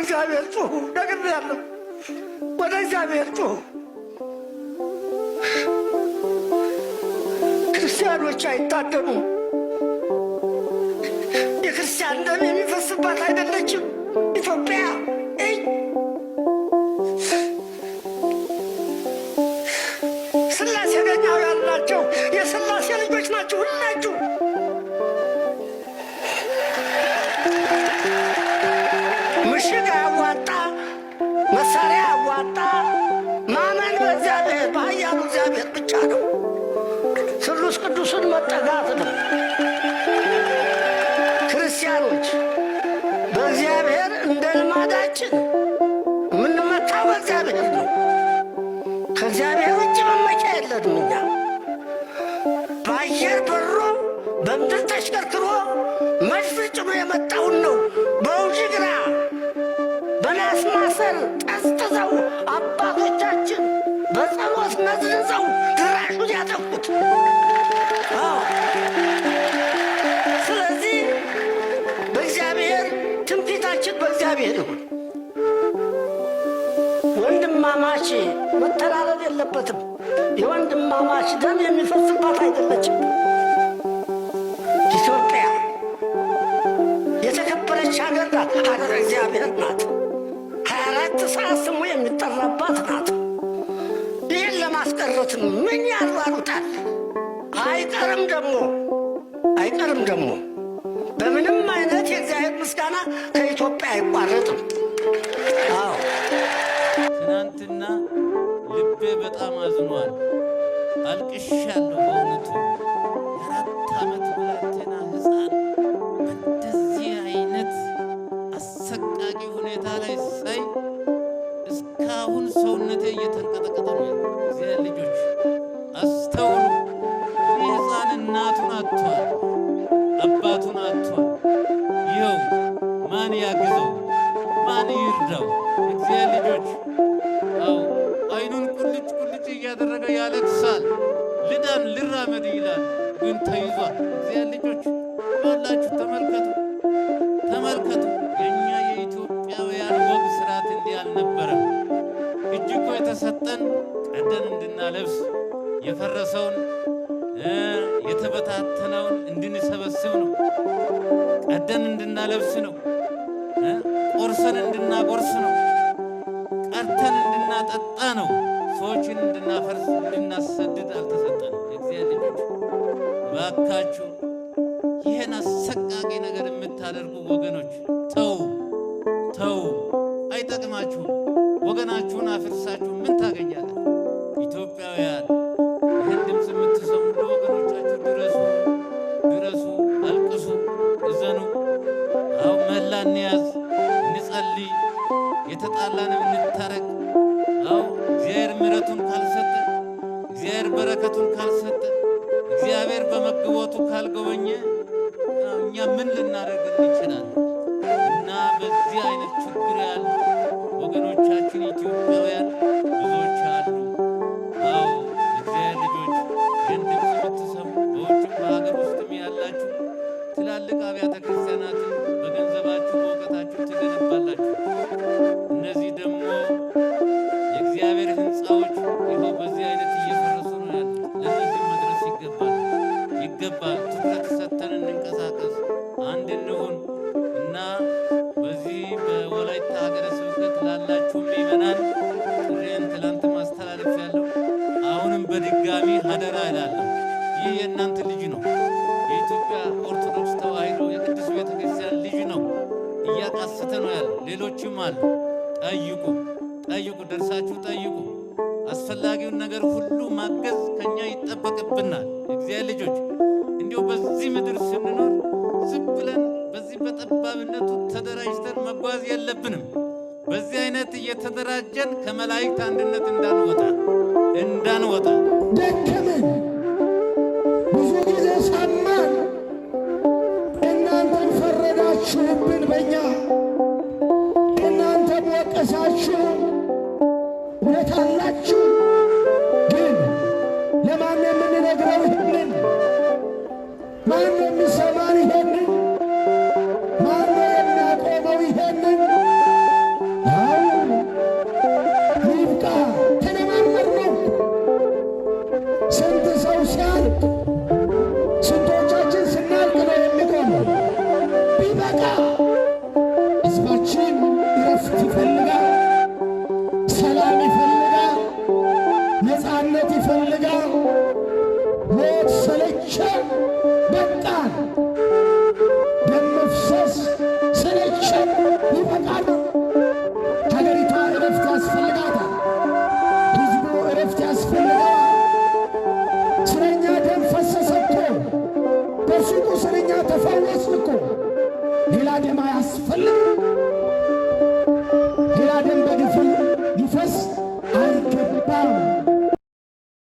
እግዚአብሔር ጩሁ። ደግሜ ያለው ወደ እግዚአብሔር ጩሁ። ክርስቲያኖች የክርስቲያን ደም የሚፈስባት አይደለም። መጠጋት ነው። ክርስቲያኖች በእግዚአብሔር እንደ ልማዳችን የምንመካው በእግዚአብሔር ነው። ከእግዚአብሔር ውጭ መመቻ የለንም። እኛ በአየር በሮ በምድር ተሽከርክሮ ነች፣ መተላለል የለበትም። የወንድማማች ደም የሚፈስባት አይደለችም። ኢትዮጵያ የተከበረች ሀገር ናት፣ ሀገር እግዚአብሔር ናት። ሀያ አራት ሰዓት ስሙ የሚጠራባት ናት። ይህን ለማስቀረት ምን ያሯሩታል? አይቀርም ደግሞ አይቀርም ደግሞ በምንም አይነት የእግዚአብሔር ምስጋና ከኢትዮጵያ አይቋረጥም። Shalom. ዘመድ ይላል፣ ግን ተይዟል። እዚያ ልጆች ሁላችሁ ተመልከቱ፣ ተመልከቱ። የእኛ የኢትዮጵያውያን ወግ ስርዓት እንዲህ አልነበረም። እጅጎ የተሰጠን ቀደን እንድናለብስ የፈረሰውን የተበታተነውን እንድንሰበስብ ነው። ቀደን እንድናለብስ ነው። ቆርሰን እንድናጎርስ ነው። ቀርተን እንድናጠጣ ነው። ሰዎችን እንድናፈርስ፣ እንድናሰድድ ባካችሁ ይህን አሰቃቂ ነገር የምታደርጉ ወገኖች ተው ተው፣ አይጠቅማችሁም። ወገናችሁን አፍርሳችሁ ምን ታገኛላችሁ? ኢትዮጵያውያን ይህን ድምፅ የምትሰሙ ለወገኖቻችሁ ድረሱ፣ ድረሱ፣ አልቅሱ፣ እዘኑ። አሁን መላ እንያዝ፣ እንጸልይ፣ የተጣላንም እንታረቅ። አሁን እግዚአብሔር ምሕረቱን ካልሰጠ እግዚአብሔር በረከቱን ካልሰጠ እግዚአብሔር በመግቦቱ ካልጎበኘ እኛ ምን ልናደርግ እንችላለን? እና በዚህ አይነት ችግር ያለ በድጋሚ አደራ እላለሁ። ይህ የእናንተ ልጅ ነው። የኢትዮጵያ ኦርቶዶክስ ተዋሕዶ የቅዱስ ቤተ ክርስቲያን ልጅ ነው። እያቃሰተ ነው ያለ ሌሎችም አሉ። ጠይቁ፣ ጠይቁ፣ ደርሳችሁ ጠይቁ። አስፈላጊውን ነገር ሁሉ ማገዝ ከኛ ይጠበቅብናል። እግዚአብሔር ልጆች እንዲሁ በዚህ ምድር ስንኖር ዝም ብለን በዚህ በጠባብነቱ ተደራጅተን መጓዝ የለብንም። በዚህ አይነት እየተደራጀን ከመላእክት አንድነት እንዳንወጣ እንዳንወጣ ደከመን፣ ብዙ ጊዜ ሰማን። እናንተም ፈረዳችሁብን በእኛ እናንተም ወቀሳችሁ። እውነት አላችሁ፣ ግን ለማን የምንነግረው ይህንን ማን ስንት ሰው ሲያልቅ ስንቶቻችን ስናልቅ ነው የሚቆመው? ቢበቃ ሕዝባችን እረፍት ይፈልጋል፣ ሰላም በሱ ቁስል እኛ ተፈወስን እኮ ሌላ ደም አያስፈልግም።